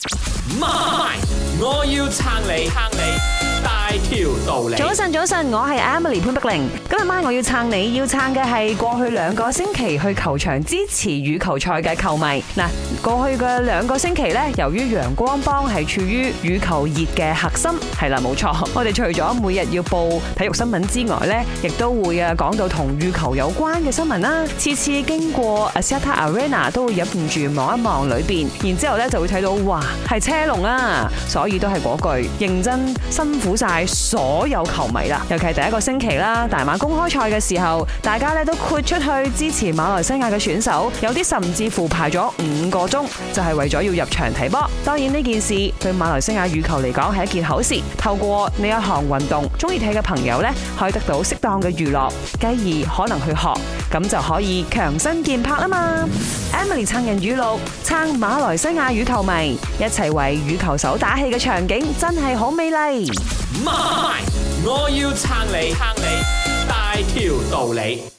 媽咪，My. 我要撐你，撐你。大條道理，早晨早晨，我係 Emily 潘碧玲。今日晚我要撐你，要撐嘅係過去兩個星期去球場支持羽球賽嘅球迷。嗱，過去嘅兩個星期呢，由於陽光幫係處於羽球熱嘅核心，係啦，冇錯。我哋除咗每日要報體育新聞之外呢，亦都會啊講到同羽球有關嘅新聞啦。次次經過啊 Saita Arena 都會忍唔住望一望裏邊，然之後咧就會睇到哇，係車龍啊！所以都係嗰句，認真辛苦。好晒所有球迷啦，尤其係第一個星期啦，大馬公開賽嘅時候，大家咧都豁出去支持馬來西亞嘅選手，有啲甚至乎排咗五個鐘，就係為咗要入場睇波。當然呢件事對馬來西亞羽球嚟講係一件好事，透過呢一項運動，鍾意睇嘅朋友咧可以得到適當嘅娛樂，繼而可能去學。咁就可以強身健魄啦嘛！Emily 撐人語錄，撐馬來西亞羽球迷，一齊為羽球手打氣嘅場景真係好美麗。媽咪，我要撐你，撐你，大條道理。